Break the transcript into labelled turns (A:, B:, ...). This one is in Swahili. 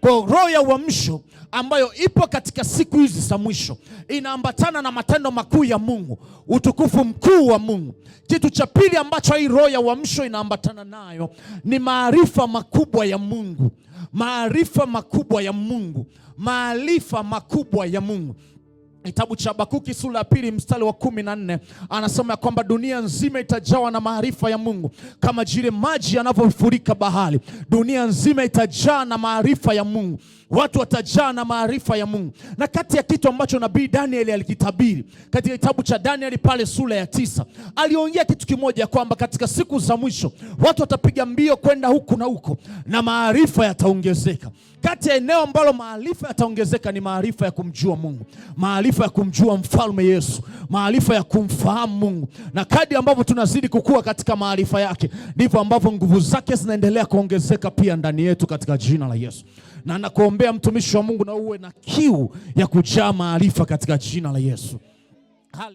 A: Kwa roho ya uamsho ambayo ipo katika siku hizi za mwisho inaambatana na matendo makuu ya Mungu, utukufu mkuu wa Mungu. Kitu cha pili ambacho hii roho ya uamsho inaambatana nayo ni maarifa makubwa ya Mungu, maarifa makubwa ya Mungu, maarifa makubwa ya Mungu. Kitabu cha Habakuki sura ya pili mstari wa kumi na nne anasema ya kwamba dunia nzima itajawa na maarifa ya Mungu kama jile maji yanavyofurika bahari. Dunia nzima itajaa na maarifa ya Mungu, watu watajaa na maarifa ya Mungu. Na kati ya kitu ambacho nabii Danieli alikitabiri katika kitabu cha Danieli pale sura ya tisa aliongea kitu kimoja, kwamba katika siku za mwisho watu watapiga mbio kwenda huku na huko na maarifa yataongezeka. Kati ya eneo ambalo maarifa yataongezeka ni maarifa ya kumjua Mungu, maarifa maarifa ya kumjua mfalme Yesu, maarifa ya kumfahamu Mungu. Na kadri ambavyo tunazidi kukua katika maarifa yake, ndivyo ambavyo nguvu zake zinaendelea kuongezeka pia ndani yetu, katika jina la Yesu. Na nakuombea mtumishi wa Mungu, na uwe na kiu ya kujaa maarifa katika jina la Yesu.